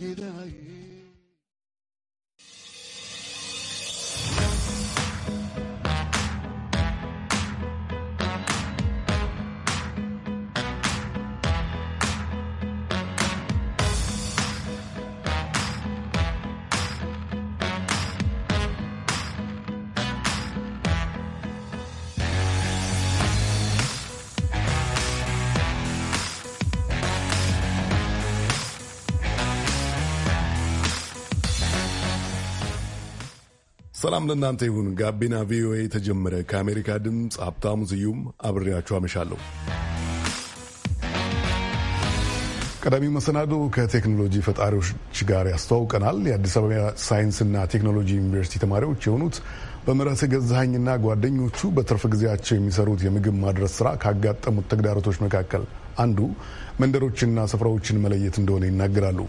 كده عيني ሰላም ለእናንተ ይሁን። ጋቢና ቪኦኤ የተጀመረ ከአሜሪካ ድምፅ ሀብታሙ ስዩም አብሬያችሁ አመሻለሁ። ቀዳሚው መሰናዶ ከቴክኖሎጂ ፈጣሪዎች ጋር ያስተዋውቀናል። የአዲስ አበባ ሳይንስና ቴክኖሎጂ ዩኒቨርሲቲ ተማሪዎች የሆኑት በምህረት ገዛሀኝና ጓደኞቹ በትርፍ ጊዜያቸው የሚሰሩት የምግብ ማድረስ ስራ ካጋጠሙት ተግዳሮቶች መካከል አንዱ መንደሮችና ስፍራዎችን መለየት እንደሆነ ይናገራሉ።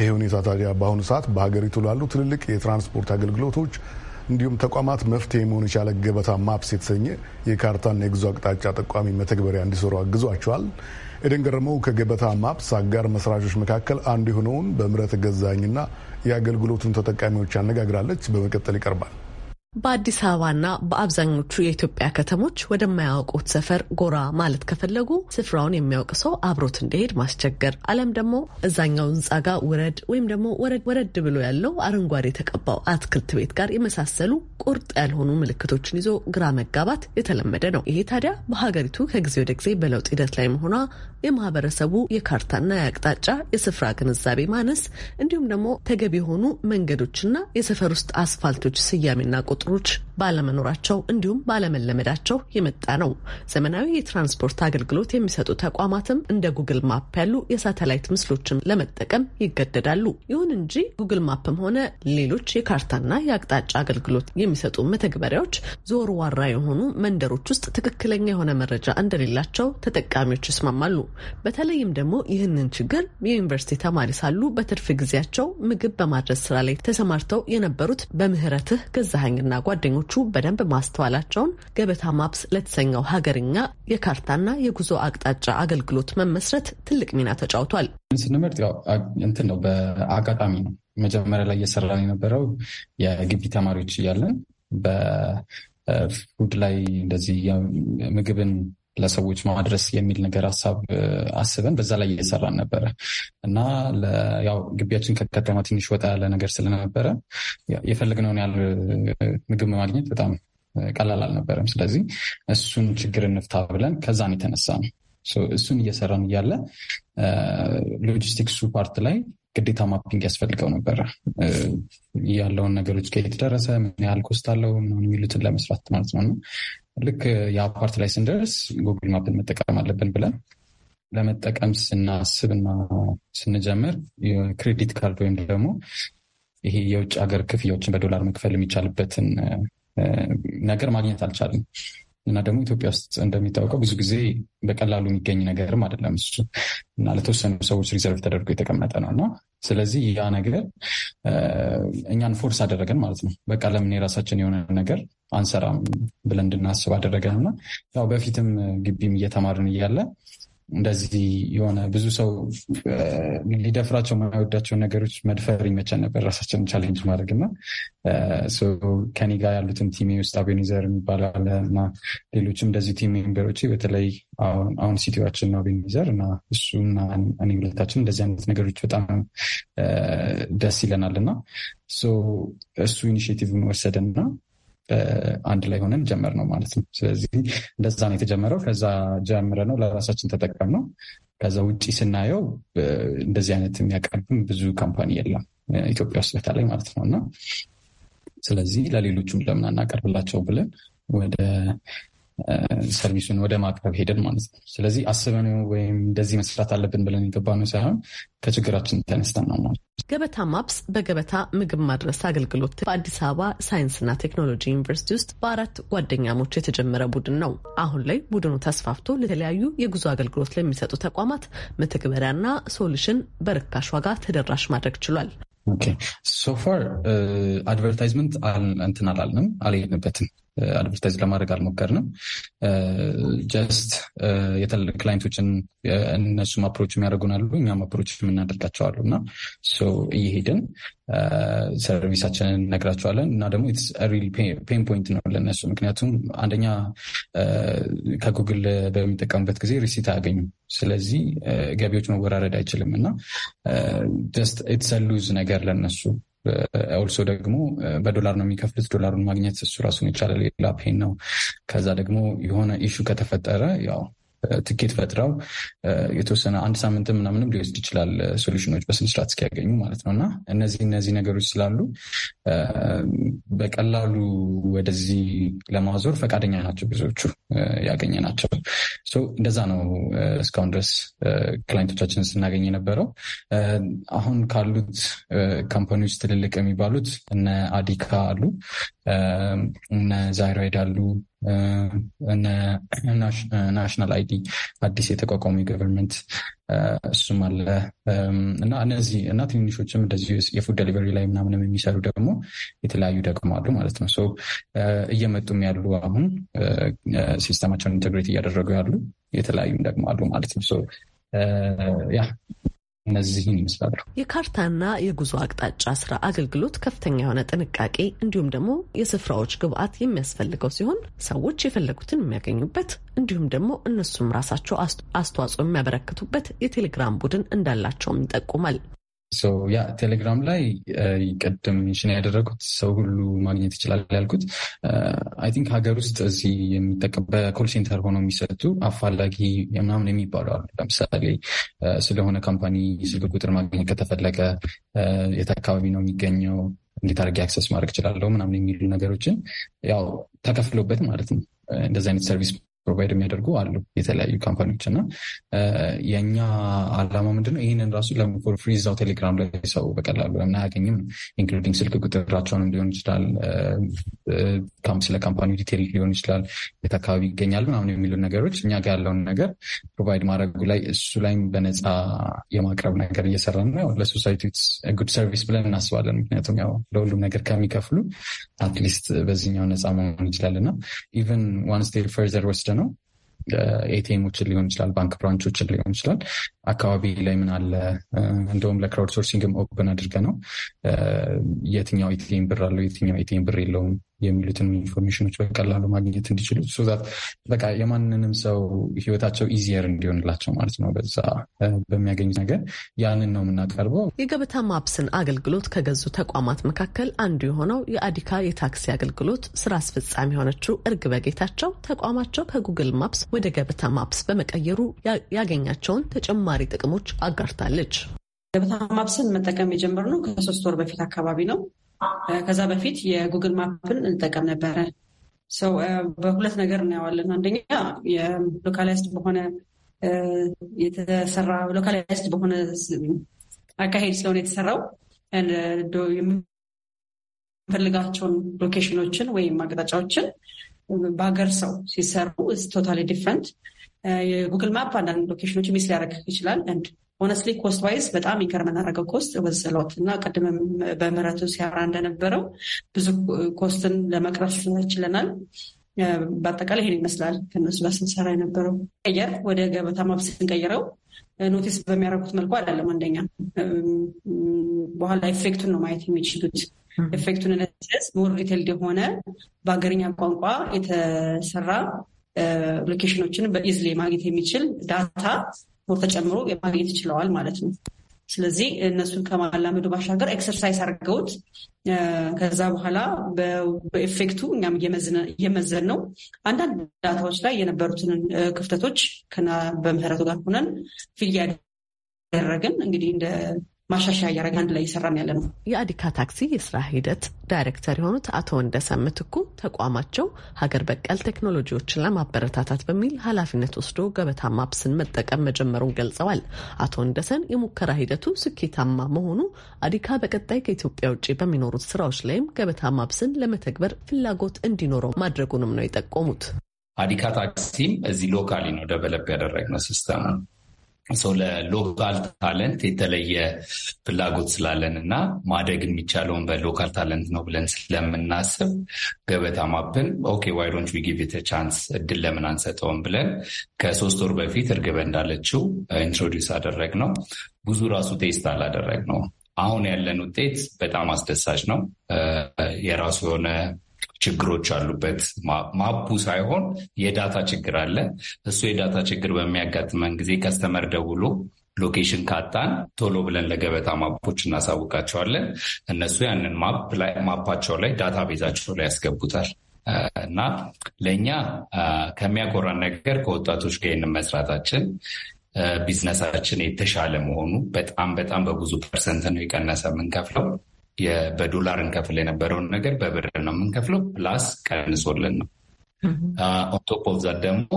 ይህ ሁኔታ ታዲያ በአሁኑ ሰዓት በሀገሪቱ ላሉ ትልልቅ የትራንስፖርት አገልግሎቶች እንዲሁም ተቋማት መፍትሄ መሆን የቻለ ገበታ ማፕስ የተሰኘ የካርታና የጉዞ አቅጣጫ ጠቋሚ መተግበሪያ እንዲሰሩ አግዟቸዋል። ኤደን ገረመው ከገበታ ማፕስ አጋር መስራቾች መካከል አንዱ የሆነውን በምረት ገዛኝና የአገልግሎቱን ተጠቃሚዎች አነጋግራለች። በመቀጠል ይቀርባል። በአዲስ አበባና በአብዛኞቹ የኢትዮጵያ ከተሞች ወደማያውቁት ሰፈር ጎራ ማለት ከፈለጉ ስፍራውን የሚያውቅ ሰው አብሮት እንዲሄድ ማስቸገር፣ አለም ደግሞ እዛኛው ህንፃ ጋር ውረድ ወይም ደግሞ ወረድ ብሎ ያለው አረንጓዴ የተቀባው አትክልት ቤት ጋር የመሳሰሉ ቁርጥ ያልሆኑ ምልክቶችን ይዞ ግራ መጋባት የተለመደ ነው። ይሄ ታዲያ በሀገሪቱ ከጊዜ ወደ ጊዜ በለውጥ ሂደት ላይ መሆኗ የማህበረሰቡ የካርታና የአቅጣጫ የስፍራ ግንዛቤ ማነስ እንዲሁም ደግሞ ተገቢ የሆኑ መንገዶችና የሰፈር ውስጥ አስፋልቶች ስያሜና ቁጥ route ባለመኖራቸው እንዲሁም ባለመለመዳቸው የመጣ ነው። ዘመናዊ የትራንስፖርት አገልግሎት የሚሰጡ ተቋማትም እንደ ጉግል ማፕ ያሉ የሳተላይት ምስሎችን ለመጠቀም ይገደዳሉ። ይሁን እንጂ ጉግል ማፕም ሆነ ሌሎች የካርታና የአቅጣጫ አገልግሎት የሚሰጡ መተግበሪያዎች ዞር ዋራ የሆኑ መንደሮች ውስጥ ትክክለኛ የሆነ መረጃ እንደሌላቸው ተጠቃሚዎች ይስማማሉ። በተለይም ደግሞ ይህንን ችግር የዩኒቨርሲቲ ተማሪ ሳሉ በትርፍ ጊዜያቸው ምግብ በማድረስ ስራ ላይ ተሰማርተው የነበሩት በምህረትህ ገዛሀኝና ጓደኞቹ ሰዎቹ በደንብ ማስተዋላቸውን ገበታ ማፕስ ለተሰኘው ሀገርኛ የካርታና የጉዞ አቅጣጫ አገልግሎት መመስረት ትልቅ ሚና ተጫውቷል። ስንመርጥ እንትን ነው፣ በአጋጣሚ ነው። መጀመሪያ ላይ እየሰራን የነበረው የግቢ ተማሪዎች እያለን በፉድ ላይ እንደዚህ ምግብን ለሰዎች ማድረስ የሚል ነገር ሀሳብ አስበን በዛ ላይ እየሰራን ነበረ እና ያው ግቢያችን ከከተማ ትንሽ ወጣ ያለ ነገር ስለነበረ የፈለግነውን ያህል ምግብ ማግኘት በጣም ቀላል አልነበረም። ስለዚህ እሱን ችግር እንፍታ ብለን ከዛን የተነሳ ነው እሱን እየሰራን እያለ ሎጂስቲክሱ ፓርት ላይ ግዴታ ማፒንግ ያስፈልገው ነበረ። ያለውን ነገሮች ከየት ደረሰ፣ ምን ያህል ኮስት አለው የሚሉትን ለመስራት ማለት ነው። ልክ የአፓርት ላይ ስንደርስ ጉግል ማፕን መጠቀም አለብን ብለን ለመጠቀም ስናስብና ስንጀምር የክሬዲት ካርድ ወይም ደግሞ ይሄ የውጭ ሀገር ክፍያዎችን በዶላር መክፈል የሚቻልበትን ነገር ማግኘት አልቻለም። እና ደግሞ ኢትዮጵያ ውስጥ እንደሚታወቀው ብዙ ጊዜ በቀላሉ የሚገኝ ነገርም አይደለም እሱ እና ለተወሰኑ ሰዎች ሪዘርቭ ተደርጎ የተቀመጠ ነው እና ስለዚህ ያ ነገር እኛን ፎርስ አደረገን ማለት ነው። በቃ ለምን የራሳችን የሆነ ነገር አንሰራም ብለን እንድናስብ አደረገን እና ያው በፊትም ግቢም እየተማርን እያለ እንደዚህ የሆነ ብዙ ሰው ሊደፍራቸው የማይወዳቸውን ነገሮች መድፈር ይመቸን ነበር፣ ራሳቸውን ቻሌንጅ ማድረግ እና ከኔ ጋር ያሉትን ቲሜ ውስጥ አቤኒዘር የሚባል አለ እና ሌሎችም እንደዚህ ቲም ሜምበሮች በተለይ አሁን ሲቲዋችን ነው አቤኒዘር እና እሱና እኔ ሁለታችን እንደዚህ አይነት ነገሮች በጣም ደስ ይለናል እና እሱ ኢኒሽቲቭን ወሰደና አንድ ላይ ሆነን ጀመር ነው ማለት ነው። ስለዚህ እንደዛ ነው የተጀመረው። ከዛ ጀምረ ነው ለራሳችን ተጠቀም ነው። ከዛ ውጭ ስናየው እንደዚህ አይነት የሚያቀርብም ብዙ ካምፓኒ የለም ኢትዮጵያ ውስጥ በተለይ ማለት ነው እና ስለዚህ ለሌሎቹም ለምን አናቀርብላቸው ብለን ወደ ሰርቪሱን ወደ ማቅረብ ሄደን ማለት ነው። ስለዚህ አስበን ወይም እንደዚህ መስራት አለብን ብለን ነው ሳይሆን ከችግራችን ተነስተን ነው ማለት ነው። ገበታ ማፕስ በገበታ ምግብ ማድረስ አገልግሎት በአዲስ አበባ ሳይንስና ቴክኖሎጂ ዩኒቨርሲቲ ውስጥ በአራት ጓደኛሞች የተጀመረ ቡድን ነው። አሁን ላይ ቡድኑ ተስፋፍቶ ለተለያዩ የጉዞ አገልግሎት ለሚሰጡ ተቋማት መተግበሪያና ሶሉሽን በርካሽ ዋጋ ተደራሽ ማድረግ ችሏል። ሶፋር አድቨርታይዝመንት እንትን አላልንም፣ አልሄድንበትም አድቨርታይዝ ለማድረግ አልሞከርንም። ጀስት ክላይንቶችን እነሱም አፕሮች የሚያደርጉን አሉ፣ እኛም አፕሮች የምናደርጋቸው አሉ እና እየሄድን ሰርቪሳችንን እነግራቸዋለን እና ደግሞ ሪል ፔን ፖይንት ነው ለነሱ ምክንያቱም አንደኛ ከጉግል በሚጠቀሙበት ጊዜ ሪሲት አያገኙም። ስለዚህ ገቢዎች መወራረድ አይችልም እና ጀስት ኢትስ ሉዝ ነገር ለነሱ ኦልሶ ደግሞ በዶላር ነው የሚከፍሉት። ዶላሩን ማግኘት እሱ ራሱን ይቻላል ሌላ ፔን ነው። ከዛ ደግሞ የሆነ ኢሹ ከተፈጠረ ያው ትኬት ፈጥረው የተወሰነ አንድ ሳምንት ምናምንም ሊወስድ ይችላል ሶሉሽኖች በስነስርዓት እስኪያገኙ ማለት ነው። እና እነዚህ እነዚህ ነገሮች ስላሉ በቀላሉ ወደዚህ ለማዞር ፈቃደኛ ናቸው ብዙዎቹ ያገኘ ናቸው። እንደዛ ነው እስካሁን ድረስ ክላይንቶቻችን ስናገኝ የነበረው። አሁን ካሉት ካምፓኒዎች ትልልቅ የሚባሉት እነ አዲካ አሉ። እነ ዛይሮይድ አሉ ናሽናል አይዲ አዲስ የተቋቋመ ገቨርንመንት እሱም አለ እና እነዚህ እና ትንንሾችም እንደዚህ የፉድ ደሊቨሪ ላይ ምናምንም የሚሰሩ ደግሞ የተለያዩ ደግሞ አሉ ማለት ነው። እየመጡም ያሉ አሁን ሲስተማቸውን ኢንቴግሬት እያደረጉ ያሉ የተለያዩም ደግሞ አሉ ማለት ነው ያ እነዚህን ይመስላሉ። የካርታና የጉዞ አቅጣጫ ስራ አገልግሎት ከፍተኛ የሆነ ጥንቃቄ እንዲሁም ደግሞ የስፍራዎች ግብዓት የሚያስፈልገው ሲሆን ሰዎች የፈለጉትን የሚያገኙበት እንዲሁም ደግሞ እነሱም ራሳቸው አስተዋጽኦ የሚያበረክቱበት የቴሌግራም ቡድን እንዳላቸውም ይጠቁማል። ያ ቴሌግራም ላይ ቅድም ሽን ያደረጉት ሰው ሁሉ ማግኘት ይችላል ያልኩት አይ uh, ቲንክ ሀገር ውስጥ እዚህ የሚጠቀም በኮል ሴንተር ሆነው የሚሰጡ አፋላጊ ምናምን የሚባሉ አሉ። ለምሳሌ uh, ስለሆነ ካምፓኒ ስልክ ቁጥር ማግኘት ከተፈለገ uh, የት አካባቢ ነው የሚገኘው፣ እንዴት አድርጌ አክሰስ ማድረግ እችላለሁ ምናምን የሚሉ ነገሮችን ያው ተከፍሎበት ማለት ነው እንደዚህ አይነት ሰርቪስ ፕሮቫይድ የሚያደርጉ አሉ የተለያዩ ካምፓኒዎች እና የእኛ አላማ ምንድነው? ይህንን ራሱ ለምኮር ፍሪ እዛው ቴሌግራም ላይ ሰው በቀላሉ ለምን አያገኝም? ኢንክሉዲንግ ስልክ ቁጥራቸውን ሊሆን ይችላል፣ ስለ ካምፓኒ ዲቴል ሊሆን ይችላል፣ የት አካባቢ ይገኛል ምናምን የሚሉ ነገሮች እኛ ጋር ያለውን ነገር ፕሮቫይድ ማድረጉ ላይ እሱ ላይም በነፃ የማቅረብ ነገር እየሰራ ነው። ለሶሳይቲ ጉድ ሰርቪስ ብለን እናስባለን። ምክንያቱም ያው ለሁሉም ነገር ከሚከፍሉ አትሊስት በዚህኛው ነፃ መሆን ይችላል እና ኢቨን ዋን ስቴፕ ፈርዘር ወስደን ነው። ኤቲኤሞችን ሊሆን ይችላል፣ ባንክ ብራንቾችን ሊሆን ይችላል። አካባቢ ላይ ምን አለ እንደውም ለክራውድ ሶርሲንግም ኦፕን አድርገ ነው የትኛው ኤቲኤም ብር አለው የትኛው ኤቲኤም ብር የለውም የሚሉትን ኢንፎርሜሽኖች በቀላሉ ማግኘት እንዲችሉ ዛት በቃ የማንንም ሰው ህይወታቸው ኢዚየር እንዲሆንላቸው ማለት ነው። በዛ በሚያገኙት ነገር ያንን ነው የምናቀርበው። የገበታ ማፕስን አገልግሎት ከገዙ ተቋማት መካከል አንዱ የሆነው የአዲካ የታክሲ አገልግሎት ስራ አስፈጻሚ የሆነችው እርግ በጌታቸው ተቋማቸው ከጉግል ማፕስ ወደ ገበታ ማፕስ በመቀየሩ ያገኛቸውን ተጨማሪ ጥቅሞች አጋርታለች። ገበታ ማፕስን መጠቀም የጀመርነው ከሶስት ወር በፊት አካባቢ ነው። ከዛ በፊት የጉግል ማፕን እንጠቀም ነበረ። ሰው በሁለት ነገር እናየዋለን። አንደኛ የሎካላይዝድ በሆነ የተሰራ ሎካላይዝድ በሆነ አካሄድ ስለሆነ የተሰራው የምንፈልጋቸውን ሎኬሽኖችን ወይም አቅጣጫዎችን በሀገር ሰው ሲሰሩ ቶታሊ ዲፍረንት። የጉግል ማፕ አንዳንድ ሎኬሽኖች ሚስ ሊያደርግ ይችላል። ሆነስትሊ ኮስት ዋይዝ በጣም ይገር ኮስት ወዘሎት እና ቅድም በምህረቱ ሲያራ እንደነበረው ብዙ ኮስትን ለመቅረፍ ችለናል። በአጠቃላይ ይሄን ይመስላል ከነሱ ጋር ስንሰራ የነበረው ቀየር ወደ ገበታ ማብ ስንቀይረው ኖቲስ በሚያደርጉት መልኩ አይደለም። አንደኛ በኋላ ኤፌክቱን ነው ማየት የሚችሉት። ኤፌክቱን ነስ ሞር ዲቴልድ የሆነ በሀገርኛ ቋንቋ የተሰራ ሎኬሽኖችን በኢዝሌ ማግኘት የሚችል ዳታ ሞር ተጨምሮ ማግኘት ይችለዋል ማለት ነው። ስለዚህ እነሱን ከማላመዱ ባሻገር ኤክሰርሳይዝ አድርገውት ከዛ በኋላ በኤፌክቱ እኛም እየመዘን ነው። አንዳንድ ዳታዎች ላይ የነበሩትን ክፍተቶች ከና በምህረቱ ጋር ሆነን ፊል ያደረግን እንግዲህ እንደ ማሻሻያ እያደረግን አንድ ላይ እየሰራን ያለ ነው። የአዲካ ታክሲ የስራ ሂደት ዳይሬክተር የሆኑት አቶ ወንደሰን ምትኩ ተቋማቸው ሀገር በቀል ቴክኖሎጂዎችን ለማበረታታት በሚል ኃላፊነት ወስዶ ገበታ ማፕስን መጠቀም መጀመሩን ገልጸዋል። አቶ ወንደሰን የሙከራ ሂደቱ ስኬታማ መሆኑ አዲካ በቀጣይ ከኢትዮጵያ ውጭ በሚኖሩት ስራዎች ላይም ገበታ ማፕስን ለመተግበር ፍላጎት እንዲኖረው ማድረጉንም ነው የጠቆሙት። አዲካ ታክሲም እዚህ ሎካሊ ነው ደቨለፕ ያደረግነው ሲስተሙ ሰው ለሎካል ታለንት የተለየ ፍላጎት ስላለን እና ማደግ የሚቻለውን በሎካል ታለንት ነው ብለን ስለምናስብ ገበታ ማፕን ኦኬ ዋይዶንች ጊቭ ኢት ቻንስ እድል ለምን አንሰጠውም ብለን ከሶስት ወር በፊት እርግበ እንዳለችው ኢንትሮዲውስ አደረግ ነው። ብዙ ራሱ ቴስት አላደረግ ነው። አሁን ያለን ውጤት በጣም አስደሳች ነው። የራሱ የሆነ ችግሮች አሉበት። ማፑ ሳይሆን የዳታ ችግር አለ። እሱ የዳታ ችግር በሚያጋጥመን ጊዜ ከስተመር ደውሎ ሎኬሽን ካጣን ቶሎ ብለን ለገበታ ማፖች እናሳውቃቸዋለን። እነሱ ያንን ማፓቸው ላይ ዳታ ቤዛቸው ላይ ያስገቡታል። እና ለእኛ ከሚያኮራን ነገር ከወጣቶች ጋር ይህንን መስራታችን ቢዝነሳችን የተሻለ መሆኑ በጣም በጣም በብዙ ፐርሰንት ነው የቀነሰ የምንከፍለው። በዶላር እንከፍል የነበረውን ነገር በብር ነው የምንከፍለው። ፕላስ ቀንሶልን ነው። ኦንቶፕ ኦፍ ዛት ደግሞ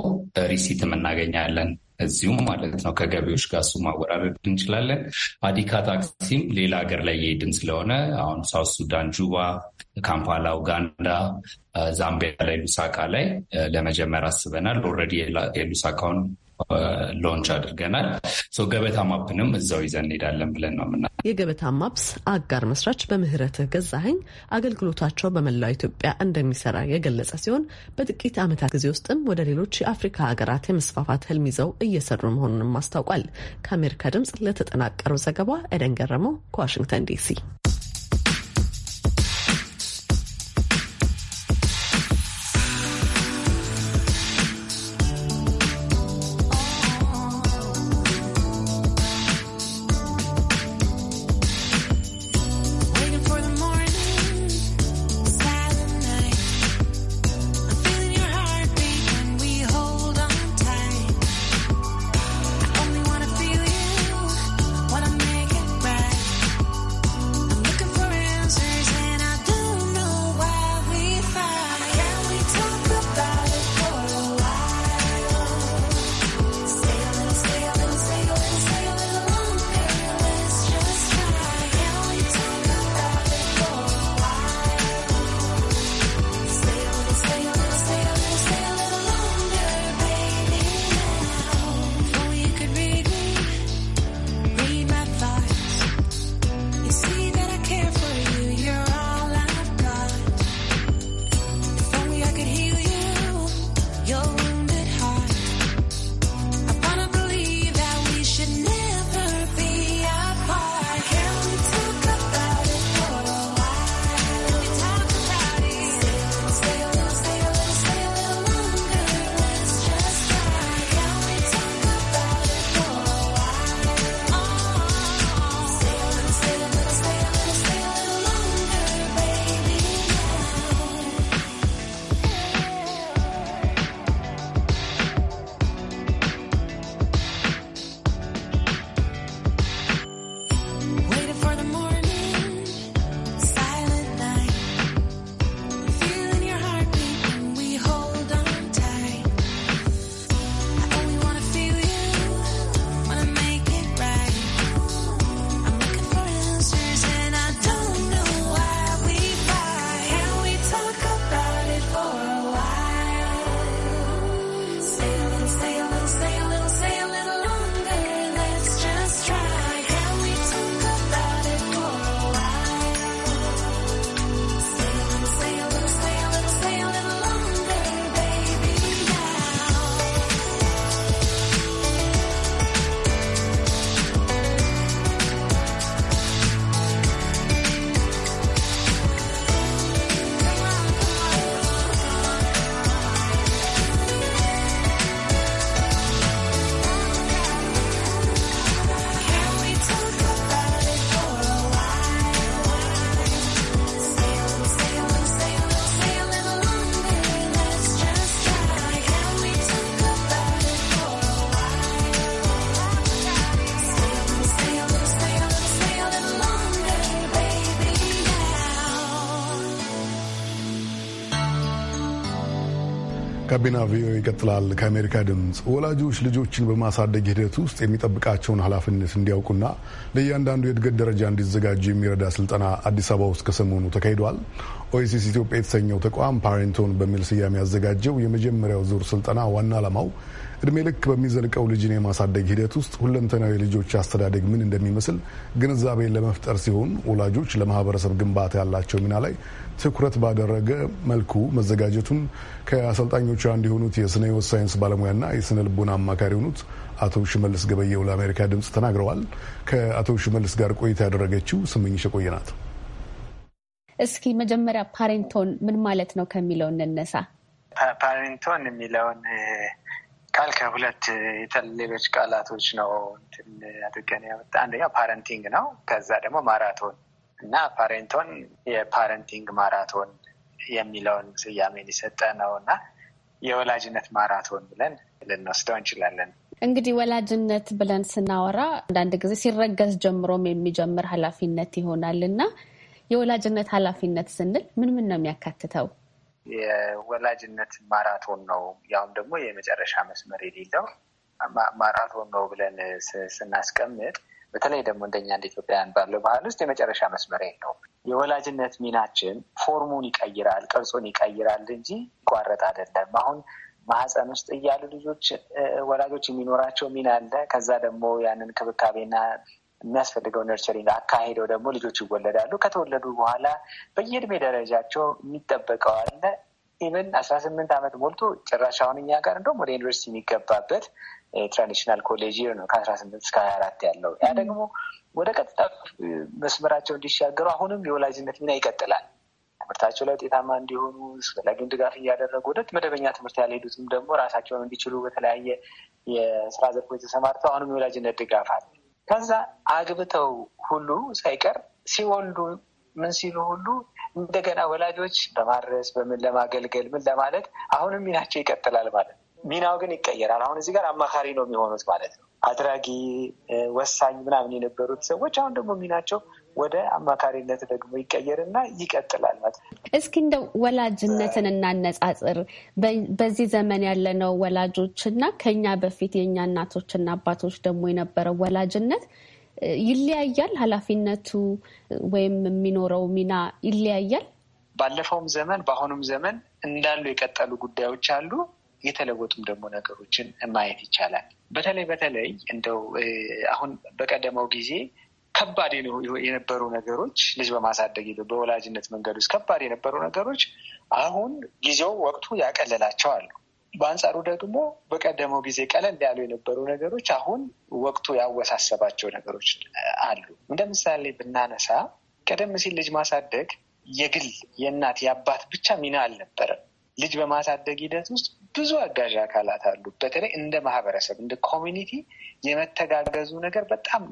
ሪሲትም እናገኛለን እዚሁም ማለት ነው። ከገቢዎች ጋር እሱ ማወራረድ እንችላለን። አዲካ ታክሲም ሌላ ሀገር ላይ የሄድን ስለሆነ አሁን ሳውት ሱዳን፣ ጁባ፣ ካምፓላ፣ ኡጋንዳ፣ ዛምቢያ ላይ ሉሳካ ላይ ለመጀመር አስበናል። ኦልሬዲ የሉሳካውን ሎንች አድርገናል። ገበታ ማፕንም እዛው ይዘን እንሄዳለን ብለን ነው ምና የገበታ ማፕስ አጋር መስራች በምህረትህ ገዛኸኝ አገልግሎታቸው በመላው ኢትዮጵያ እንደሚሰራ የገለጸ ሲሆን በጥቂት ዓመታት ጊዜ ውስጥም ወደ ሌሎች የአፍሪካ ሀገራት የመስፋፋት ህልም ይዘው እየሰሩ መሆኑንም አስታውቋል። ከአሜሪካ ድምፅ ለተጠናቀረው ዘገባ ኤደን ገረመው ከዋሽንግተን ዲሲ ጋቢና ቪኦኤ ይቀጥላል። ከአሜሪካ ድምፅ ወላጆች ልጆችን በማሳደግ ሂደት ውስጥ የሚጠብቃቸውን ኃላፊነት እንዲያውቁና ለእያንዳንዱ የእድገት ደረጃ እንዲዘጋጁ የሚረዳ ስልጠና አዲስ አበባ ውስጥ ከሰሞኑ ተካሂዷል። ኦኤሲስ ኢትዮጵያ የተሰኘው ተቋም ፓሬንቶን በሚል ስያሜ ያዘጋጀው የመጀመሪያው ዙር ስልጠና ዋና ዓላማው እድሜ ልክ በሚዘልቀው ልጅን የማሳደግ ሂደት ውስጥ ሁለንተናዊ ልጆች አስተዳደግ ምን እንደሚመስል ግንዛቤ ለመፍጠር ሲሆን ወላጆች ለማህበረሰብ ግንባታ ያላቸው ሚና ላይ ትኩረት ባደረገ መልኩ መዘጋጀቱን ከአሰልጣኞቹ አንዱ የሆኑት የስነ ህይወት ሳይንስ ባለሙያና የስነ ልቦና አማካሪ የሆኑት አቶ ሽመልስ ገበየው ለአሜሪካ ድምፅ ተናግረዋል። ከአቶ ሽመልስ ጋር ቆይታ ያደረገችው ስምኝሽ ቆየ ናት። እስኪ መጀመሪያ ፓሬንቶን ምን ማለት ነው ከሚለው እንነሳ። ፓሬንቶን የሚለውን ቃል ከሁለት ሌሎች ቃላቶች ነው እንትን አድርገን ያመጣ አንደኛው ፓረንቲንግ ነው። ከዛ ደግሞ ማራቶን እና ፓሬንቶን የፓረንቲንግ ማራቶን የሚለውን ስያሜን የሰጠ ነው እና የወላጅነት ማራቶን ብለን ልንወስደው እንችላለን። እንግዲህ ወላጅነት ብለን ስናወራ አንዳንድ ጊዜ ሲረገዝ ጀምሮም የሚጀምር ኃላፊነት ይሆናል እና የወላጅነት ኃላፊነት ስንል ምን ምን ነው የሚያካትተው? የወላጅነት ማራቶን ነው ያውም ደግሞ የመጨረሻ መስመር የሌለው ማራቶን ነው ብለን ስናስቀምጥ በተለይ ደግሞ እንደኛ እንደ ኢትዮጵያውያን ባለው ባህል ውስጥ የመጨረሻ መስመር ነው። የወላጅነት ሚናችን ፎርሙን ይቀይራል፣ ቅርጹን ይቀይራል እንጂ ይቋረጥ አይደለም። አሁን ማህፀን ውስጥ እያሉ ልጆች ወላጆች የሚኖራቸው ሚና አለ። ከዛ ደግሞ ያንን ክብካቤና የሚያስፈልገው ነርቸሪንግ አካሄደው ደግሞ ልጆች ይወለዳሉ። ከተወለዱ በኋላ በየእድሜ ደረጃቸው የሚጠበቀው አለ ኢቨን አስራ ስምንት ዓመት ሞልቶ ጭራሽ አሁን እኛ ጋር እንደውም ወደ ዩኒቨርሲቲ የሚገባበት ትራዲሽናል ኮሌጅ ነው ከአስራ ስምንት እስከ ሀያ አራት ያለው ያ ደግሞ ወደ ቀጥታ መስመራቸው እንዲሻገሩ አሁንም የወላጅነት ሚና ይቀጥላል። ትምህርታቸው ላይ ውጤታማ እንዲሆኑ አስፈላጊውን ድጋፍ እያደረጉ ወደ መደበኛ ትምህርት ያልሄዱትም ደግሞ ራሳቸውን እንዲችሉ በተለያየ የስራ ዘርፎች ተሰማርተው አሁንም የወላጅነት ድጋፍ አለ። ከዛ አግብተው ሁሉ ሳይቀር ሲወልዱ ምን ሲሉ ሁሉ እንደገና ወላጆች በማድረስ በምን ለማገልገል ምን ለማለት አሁንም ሚናቸው ይቀጥላል ማለት ነው። ሚናው ግን ይቀየራል። አሁን እዚህ ጋር አማካሪ ነው የሚሆኑት ማለት ነው። አድራጊ ወሳኝ ምናምን የነበሩት ሰዎች አሁን ደግሞ ሚናቸው ወደ አማካሪነት ደግሞ ይቀየርና ይቀጥላል ማለት ነው። እስኪ እንደ ወላጅነትን እናነጻጽር። በዚህ ዘመን ያለነው ወላጆች ና ከኛ በፊት የእኛ እናቶችና አባቶች ደግሞ የነበረው ወላጅነት ይለያያል። ኃላፊነቱ ወይም የሚኖረው ሚና ይለያያል። ባለፈውም ዘመን በአሁኑም ዘመን እንዳሉ የቀጠሉ ጉዳዮች አሉ። የተለወጡም ደግሞ ነገሮችን ማየት ይቻላል። በተለይ በተለይ እንደው አሁን በቀደመው ጊዜ ከባድ የነበሩ ነገሮች ልጅ በማሳደግ በወላጅነት መንገድ ውስጥ ከባድ የነበሩ ነገሮች አሁን ጊዜው ወቅቱ ያቀለላቸው አሉ። በአንጻሩ ደግሞ በቀደመው ጊዜ ቀለል ያሉ የነበሩ ነገሮች አሁን ወቅቱ ያወሳሰባቸው ነገሮች አሉ። እንደ ምሳሌ ብናነሳ ቀደም ሲል ልጅ ማሳደግ የግል የእናት የአባት ብቻ ሚና አልነበረም። ልጅ በማሳደግ ሂደት ውስጥ ብዙ አጋዥ አካላት አሉ። በተለይ እንደ ማህበረሰብ እንደ ኮሚኒቲ የመተጋገዙ ነገር በጣም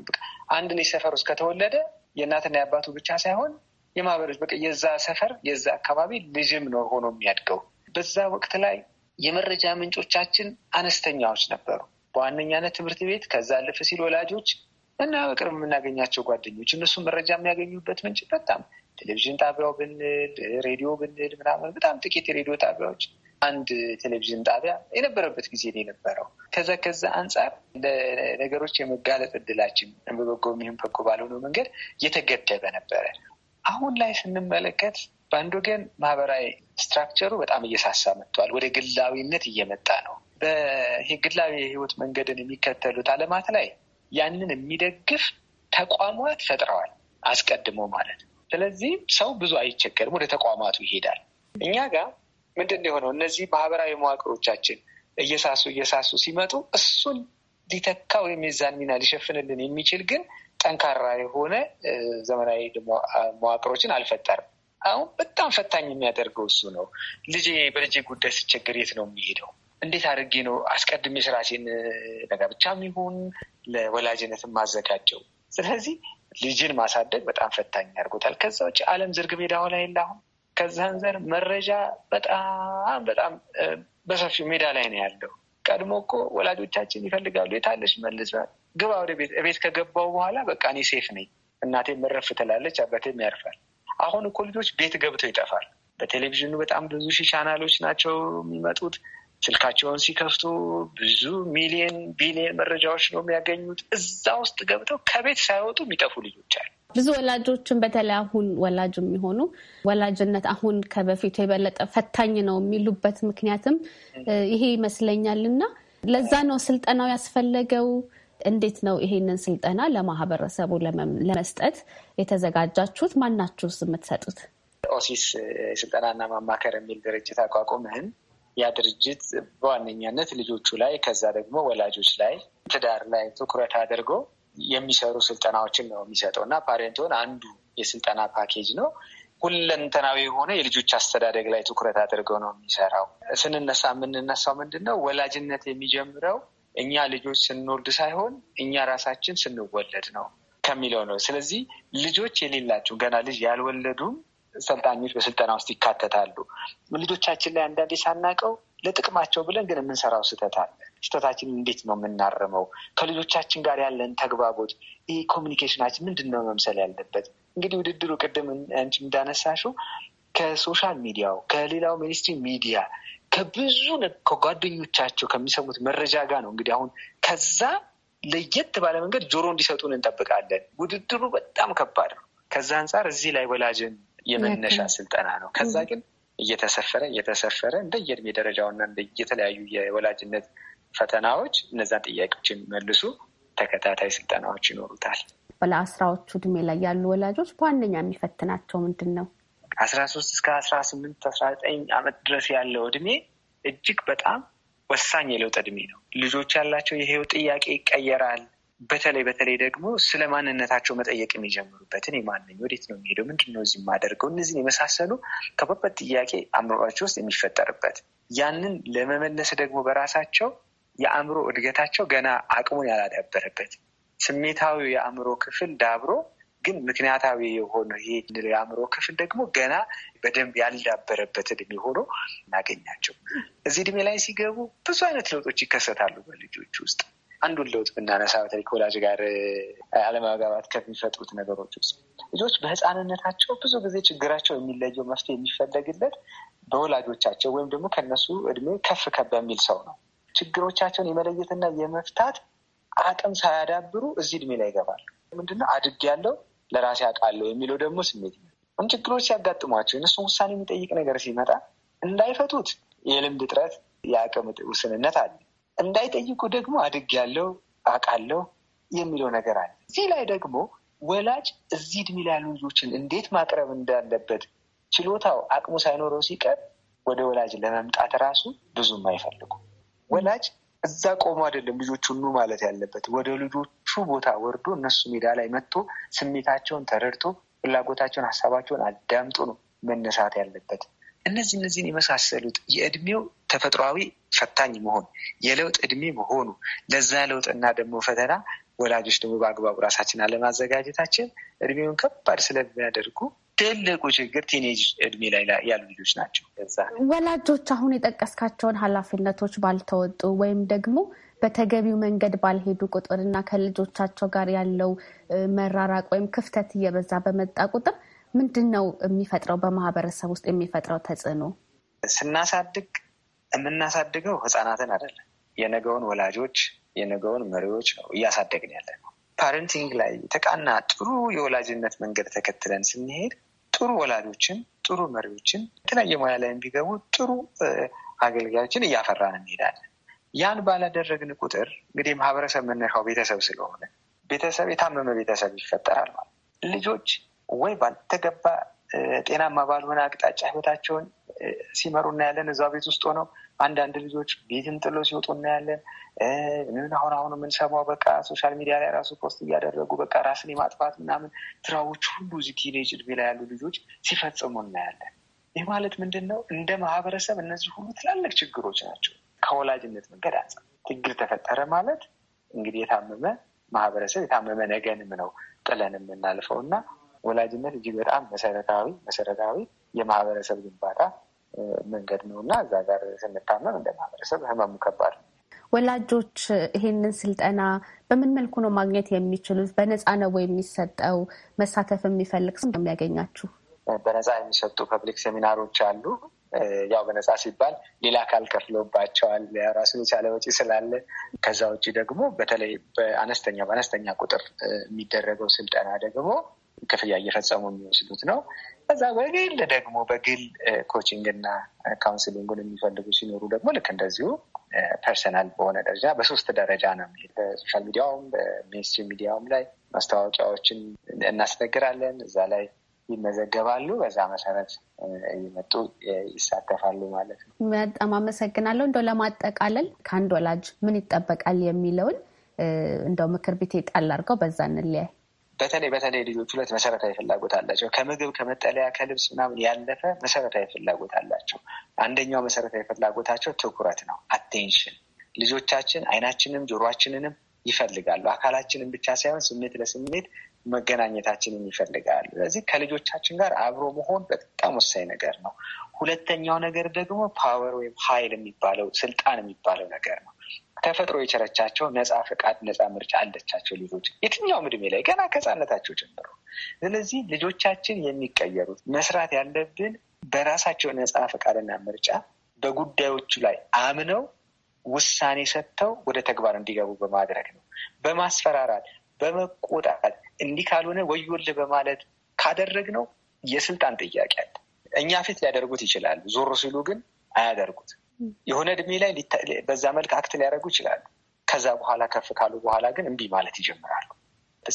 አንድ ልጅ ሰፈር ውስጥ ከተወለደ የእናትና የአባቱ ብቻ ሳይሆን የማህበረሰብ በቃ የዛ ሰፈር የዛ አካባቢ ልጅም ነው ሆኖ የሚያድገው። በዛ ወቅት ላይ የመረጃ ምንጮቻችን አነስተኛዎች ነበሩ። በዋነኛነት ትምህርት ቤት፣ ከዛ አለፍ ሲል ወላጆች እና በቅርብ የምናገኛቸው ጓደኞች፣ እነሱ መረጃ የሚያገኙበት ምንጭ በጣም ቴሌቪዥን ጣቢያው ብንል ሬዲዮ ብንል ምናምን በጣም ጥቂት የሬዲዮ ጣቢያዎች አንድ ቴሌቪዥን ጣቢያ የነበረበት ጊዜ ነው የነበረው። ከዛ ከዛ አንጻር ለነገሮች የመጋለጥ እድላችን በበጎ የሚሆን በጎ ባልሆነው መንገድ እየተገደበ ነበረ። አሁን ላይ ስንመለከት በአንድ ወገን ማህበራዊ ስትራክቸሩ በጣም እየሳሳ መጥተዋል። ወደ ግላዊነት እየመጣ ነው። በግላዊ የህይወት መንገድን የሚከተሉት አለማት ላይ ያንን የሚደግፍ ተቋማት ፈጥረዋል። አስቀድሞ ማለት ነው ስለዚህ ሰው ብዙ አይቸገርም፣ ወደ ተቋማቱ ይሄዳል። እኛ ጋር ምንድን ነው የሆነው? እነዚህ ማህበራዊ መዋቅሮቻችን እየሳሱ እየሳሱ ሲመጡ እሱን ወይም የዛን ሚና ሊሸፍንልን የሚችል ግን ጠንካራ የሆነ ዘመናዊ መዋቅሮችን አልፈጠርም። አሁን በጣም ፈታኝ የሚያደርገው እሱ ነው። ልጄ በልጄ ጉዳይ ስቸገር የት ነው የሚሄደው? እንዴት አድርጌ ነው አስቀድሜ ስራሴን ለጋብቻም ይሁን ለወላጅነት ማዘጋጀው? ስለዚህ ልጅን ማሳደግ በጣም ፈታኝ ያድርጎታል። ከዛ ውጭ ዓለም ዝርግ ሜዳ ሆና የለ አሁን ከዛን ዘር መረጃ በጣም በጣም በሰፊው ሜዳ ላይ ነው ያለው። ቀድሞ እኮ ወላጆቻችን ይፈልጋሉ የታለች መልስ ግባ ወደ ቤት ቤት ከገባው በኋላ በቃ እኔ ሴፍ ነኝ፣ እናቴ መረፍ ትላለች፣ አባቴም ያርፋል። አሁን እኮ ልጆች ቤት ገብተው ይጠፋል። በቴሌቪዥኑ በጣም ብዙ ሺ ቻናሎች ናቸው የሚመጡት ስልካቸውን ሲከፍቱ ብዙ ሚሊየን ቢሊየን መረጃዎች ነው የሚያገኙት። እዛ ውስጥ ገብተው ከቤት ሳይወጡ የሚጠፉ ልጆች አሉ። ብዙ ወላጆችን በተለይ አሁን ወላጅ የሚሆኑ ወላጅነት አሁን ከበፊቱ የበለጠ ፈታኝ ነው የሚሉበት ምክንያትም ይሄ ይመስለኛል። እና ለዛ ነው ስልጠናው ያስፈለገው። እንዴት ነው ይሄንን ስልጠና ለማህበረሰቡ ለመስጠት የተዘጋጃችሁት? ማናችሁስ የምትሰጡት? ኦሲስ ስልጠናና ማማከር የሚል ድርጅት አቋቁምህን ያ ድርጅት በዋነኛነት ልጆቹ ላይ ከዛ ደግሞ ወላጆች ላይ ትዳር ላይ ትኩረት አድርጎ የሚሰሩ ስልጠናዎችን ነው የሚሰጠው እና ፓሬንትሆን አንዱ የስልጠና ፓኬጅ ነው። ሁለንተናዊ የሆነ የልጆች አስተዳደግ ላይ ትኩረት አድርገው ነው የሚሰራው። ስንነሳ የምንነሳው ምንድን ነው ወላጅነት የሚጀምረው እኛ ልጆች ስንወልድ ሳይሆን እኛ ራሳችን ስንወለድ ነው ከሚለው ነው። ስለዚህ ልጆች የሌላቸው ገና ልጅ ያልወለዱም ሰልጣኞች በስልጠና ውስጥ ይካተታሉ። ልጆቻችን ላይ አንዳንዴ ሳናቀው ለጥቅማቸው ብለን ግን የምንሰራው ስህተት አለ። ስህተታችን እንዴት ነው የምናርመው? ከልጆቻችን ጋር ያለን ተግባቦት፣ ይህ ኮሚኒኬሽናችን ምንድን ነው መምሰል ያለበት? እንግዲህ ውድድሩ ቅድም አንቺ እንዳነሳሽው ከሶሻል ሚዲያው ከሌላው ሚኒስትሪ ሚዲያ ከብዙ ከጓደኞቻቸው ከሚሰሙት መረጃ ጋር ነው እንግዲህ አሁን ከዛ ለየት ባለ መንገድ ጆሮ እንዲሰጡን እንጠብቃለን። ውድድሩ በጣም ከባድ ነው። ከዛ አንጻር እዚህ ላይ ወላጅን የመነሻ ስልጠና ነው። ከዛ ግን እየተሰፈረ እየተሰፈረ እንደየእድሜ ደረጃውና የተለያዩ የወላጅነት ፈተናዎች እነዛን ጥያቄዎች የሚመልሱ ተከታታይ ስልጠናዎች ይኖሩታል። ለአስራዎቹ እድሜ ላይ ያሉ ወላጆች በዋነኛ የሚፈትናቸው ምንድን ነው? አስራ ሶስት እስከ አስራ ስምንት አስራ ዘጠኝ ዓመት ድረስ ያለው እድሜ እጅግ በጣም ወሳኝ የለውጥ እድሜ ነው። ልጆች ያላቸው የህይወት ጥያቄ ይቀየራል። በተለይ በተለይ ደግሞ ስለ ማንነታቸው መጠየቅ የሚጀምሩበትን የማን ወዴት ነው የሚሄደው፣ ምንድን ነው እዚህ የማደርገው፣ እነዚህን የመሳሰሉ ከባባድ ጥያቄ አእምሮቸው ውስጥ የሚፈጠርበት ያንን ለመመለስ ደግሞ በራሳቸው የአእምሮ እድገታቸው ገና አቅሙን ያላዳበረበት ስሜታዊ የአእምሮ ክፍል ዳብሮ ግን ምክንያታዊ የሆነ ይሄ የአእምሮ ክፍል ደግሞ ገና በደንብ ያልዳበረበት እድሜ ሆኖ እናገኛቸው። እዚህ እድሜ ላይ ሲገቡ ብዙ አይነት ለውጦች ይከሰታሉ በልጆች ውስጥ አንዱን ለውጥ ብናነሳ በተለይ ከወላጅ ጋር አለመግባባት ከሚፈጥሩት ነገሮች ውስጥ ልጆች በህፃንነታቸው ብዙ ጊዜ ችግራቸው የሚለየው መፍትሄ የሚፈለግለት በወላጆቻቸው ወይም ደግሞ ከነሱ እድሜ ከፍ ከብ በሚል ሰው ነው። ችግሮቻቸውን የመለየትና የመፍታት አቅም ሳያዳብሩ እዚህ እድሜ ላይ ይገባል። ምንድነው አድግ ያለው ለራሴ አውቃለሁ የሚለው ደግሞ ስሜት ነው። ችግሮች ሲያጋጥሟቸው እነሱ ውሳኔ የሚጠይቅ ነገር ሲመጣ እንዳይፈቱት የልምድ እጥረት፣ የአቅም ውስንነት አለ። እንዳይጠይቁ ደግሞ አድጌያለሁ፣ አውቃለሁ የሚለው ነገር አለ። እዚህ ላይ ደግሞ ወላጅ እዚህ እድሜ ላይ ያሉ ልጆችን እንዴት ማቅረብ እንዳለበት ችሎታው አቅሙ ሳይኖረው ሲቀር ወደ ወላጅ ለመምጣት ራሱ ብዙም አይፈልጉ። ወላጅ እዛ ቆሞ አይደለም ልጆቹ ኑ ማለት ያለበት፣ ወደ ልጆቹ ቦታ ወርዶ እነሱ ሜዳ ላይ መጥቶ ስሜታቸውን ተረድቶ ፍላጎታቸውን፣ ሀሳባቸውን አዳምጦ ነው መነሳት ያለበት። እነዚህ እነዚህን የመሳሰሉት የእድሜው ተፈጥሯዊ ፈታኝ መሆን የለውጥ እድሜ መሆኑ ለዛ ለውጥና ደግሞ ፈተና ወላጆች ደግሞ በአግባቡ ራሳችን አለማዘጋጀታችን እድሜውን ከባድ ስለሚያደርጉ ትልቁ ችግር ቲኔጅ እድሜ ላይ ያሉ ልጆች ናቸው። ዛ ወላጆች አሁን የጠቀስካቸውን ኃላፊነቶች ባልተወጡ ወይም ደግሞ በተገቢው መንገድ ባልሄዱ ቁጥር እና ከልጆቻቸው ጋር ያለው መራራቅ ወይም ክፍተት እየበዛ በመጣ ቁጥር ምንድን ነው የሚፈጥረው በማህበረሰብ ውስጥ የሚፈጥረው ተጽዕኖ? ስናሳድግ የምናሳድገው ህጻናትን አይደለም፣ የነገውን ወላጆች የነገውን መሪዎች ነው እያሳደግን ያለ ነው። ፓረንቲንግ ላይ ተቃና ጥሩ የወላጅነት መንገድ ተከትለን ስንሄድ ጥሩ ወላጆችን፣ ጥሩ መሪዎችን፣ የተለያየ ሙያ ላይ ቢገቡ ጥሩ አገልጋዮችን እያፈራን እንሄዳለን። ያን ባላደረግን ቁጥር እንግዲህ ማህበረሰብ መነሻው ቤተሰብ ስለሆነ ቤተሰብ የታመመ ቤተሰብ ይፈጠራል ማለት ልጆች ወይ ባልተገባ ጤናማ ባልሆነ አቅጣጫ ህይወታቸውን ሲመሩ እናያለን። እዛ ቤት ውስጥ ሆነው አንዳንድ ልጆች ቤትን ጥሎ ሲወጡ እናያለን። ምን አሁን አሁን የምንሰማው በቃ ሶሻል ሚዲያ ላይ ራሱ ፖስት እያደረጉ በቃ ራስን የማጥፋት ምናምን ትራዎች ሁሉ እዚህ ቲኔጅ እድሜ ላይ ያሉ ልጆች ሲፈጽሙ እናያለን። ይህ ማለት ምንድን ነው? እንደ ማህበረሰብ እነዚህ ሁሉ ትላልቅ ችግሮች ናቸው። ከወላጅነት መንገድ አንጻር ችግር ተፈጠረ ማለት እንግዲህ የታመመ ማህበረሰብ የታመመ ነገንም ነው ጥለን የምናልፈው እና ወላጅነት እጅግ በጣም መሰረታዊ መሰረታዊ የማህበረሰብ ግንባታ መንገድ ነው እና እዛ ጋር ስንታመም እንደ ማህበረሰብ ህመሙ ከባድ ነው። ወላጆች ይሄንን ስልጠና በምን መልኩ ነው ማግኘት የሚችሉት? በነፃ ነው የሚሰጠው? መሳተፍ የሚፈልግ ሰው የሚያገኛችሁ? በነፃ የሚሰጡ ፐብሊክ ሴሚናሮች አሉ። ያው በነፃ ሲባል ሌላ አካል ከፍሎባቸዋል ራሱን የቻለ ወጪ ስላለ። ከዛ ውጭ ደግሞ በተለይ በአነስተኛ በአነስተኛ ቁጥር የሚደረገው ስልጠና ደግሞ ክፍያ እየፈጸሙ የሚወስዱት ነው። ከዛ በግል ደግሞ በግል ኮችንግ እና ካውንስሊንጉን የሚፈልጉ ሲኖሩ ደግሞ ልክ እንደዚሁ ፐርሰናል በሆነ ደረጃ በሶስት ደረጃ ነው። በሶሻል ሚዲያውም በሜንስትሪም ሚዲያውም ላይ ማስታወቂያዎችን እናስነግራለን። እዛ ላይ ይመዘገባሉ። በዛ መሰረት እየመጡ ይሳተፋሉ ማለት ነው። በጣም አመሰግናለሁ። እንደው ለማጠቃለል ከአንድ ወላጅ ምን ይጠበቃል የሚለውን እንደው ምክር ቤት ጣል አድርገው በዛ እንለያይ። በተለይ በተለይ ልጆች ሁለት መሰረታዊ ፍላጎት አላቸው። ከምግብ ከመጠለያ፣ ከልብስ ምናምን ያለፈ መሰረታዊ ፍላጎት አላቸው። አንደኛው መሰረታዊ ፍላጎታቸው ትኩረት ነው፣ አቴንሽን። ልጆቻችን አይናችንም ጆሮአችንንም ይፈልጋሉ። አካላችንን ብቻ ሳይሆን ስሜት ለስሜት መገናኘታችንን ይፈልጋሉ። ስለዚህ ከልጆቻችን ጋር አብሮ መሆን በጣም ወሳኝ ነገር ነው። ሁለተኛው ነገር ደግሞ ፓወር ወይም ኃይል የሚባለው ስልጣን የሚባለው ነገር ነው። ተፈጥሮ የቸረቻቸው ነፃ ፍቃድ ነፃ ምርጫ አለቻቸው ልጆች የትኛውም እድሜ ላይ ገና ከህፃነታቸው ጀምሮ። ስለዚህ ልጆቻችን የሚቀየሩት መስራት ያለብን በራሳቸው ነፃ ፍቃድና ምርጫ በጉዳዮቹ ላይ አምነው ውሳኔ ሰጥተው ወደ ተግባር እንዲገቡ በማድረግ ነው። በማስፈራራት በመቆጣት እንዲህ ካልሆነ ወዮልህ በማለት ካደረግነው የስልጣን ጥያቄ አለ። እኛ ፊት ሊያደርጉት ይችላሉ። ዞር ሲሉ ግን አያደርጉት። የሆነ እድሜ ላይ በዛ መልክ አክት ሊያደርጉ ይችላሉ። ከዛ በኋላ ከፍ ካሉ በኋላ ግን እምቢ ማለት ይጀምራሉ።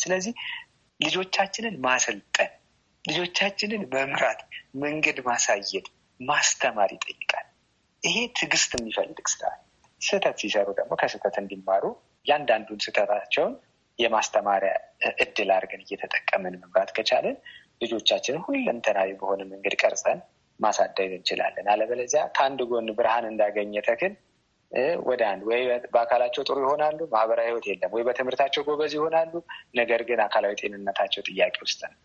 ስለዚህ ልጆቻችንን ማሰልጠን፣ ልጆቻችንን መምራት፣ መንገድ ማሳየት፣ ማስተማር ይጠይቃል። ይሄ ትዕግስት የሚፈልግ ስራ። ስህተት ሲሰሩ ደግሞ ከስህተት እንዲማሩ እያንዳንዱን ስህተታቸውን የማስተማሪያ እድል አድርገን እየተጠቀምን መምራት ከቻለን ልጆቻችንን ሁለንተናዊ በሆነ መንገድ ቀርጸን ማሳደግ እንችላለን። አለበለዚያ ከአንድ ጎን ብርሃን እንዳገኘ ተክል ወደ አንድ ወይ በአካላቸው ጥሩ ይሆናሉ፣ ማህበራዊ ህይወት የለም፣ ወይ በትምህርታቸው ጎበዝ ይሆናሉ፣ ነገር ግን አካላዊ ጤንነታቸው ጥያቄ ውስጥ ነው።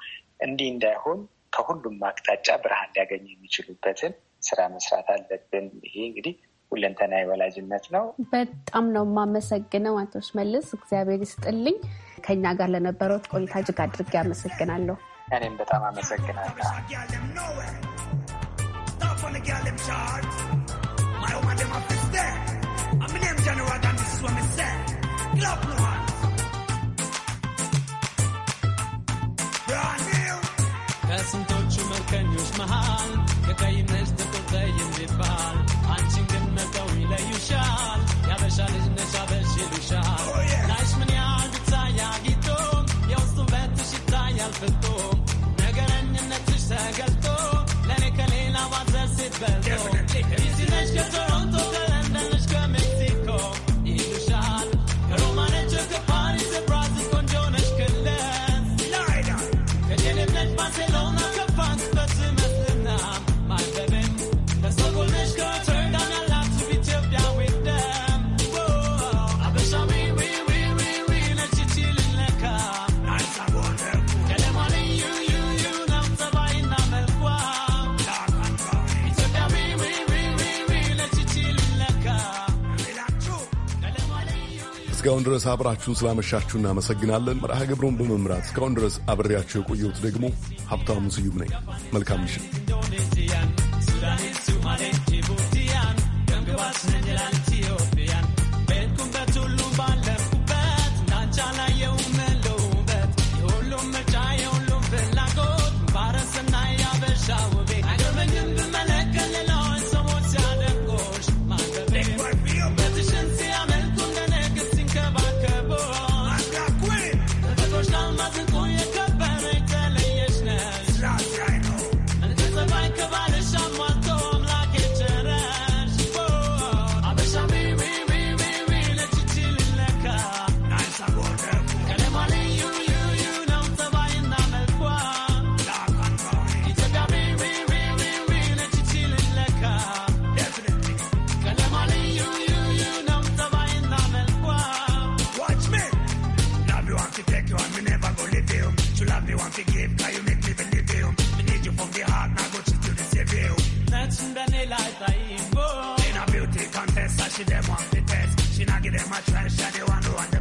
እንዲህ እንዳይሆን ከሁሉም አቅጣጫ ብርሃን ሊያገኙ የሚችሉበትን ስራ መስራት አለብን። ይሄ እንግዲህ ሁለንተና ወላጅነት ነው። በጣም ነው የማመሰግነው አቶ ሽመልስ፣ እግዚአብሔር ይስጥልኝ። ከኛ ጋር ለነበረው ቆይታ እጅግ አድርጌ አመሰግናለሁ። እኔም በጣም አመሰግናለሁ። the girl them short. My woman them have to stay. I'm in them general and this is what me say. Glove no hands. ድረስ አብራችሁን ስላመሻችሁ እናመሰግናለን። መርሃ ግብሩን በመምራት እስካሁን ድረስ አብሬያችሁ የቆየሁት ደግሞ ሀብታሙ ስዩም ነኝ። መልካም ምሽት። she them want the test. She not give them a try, she the want to. want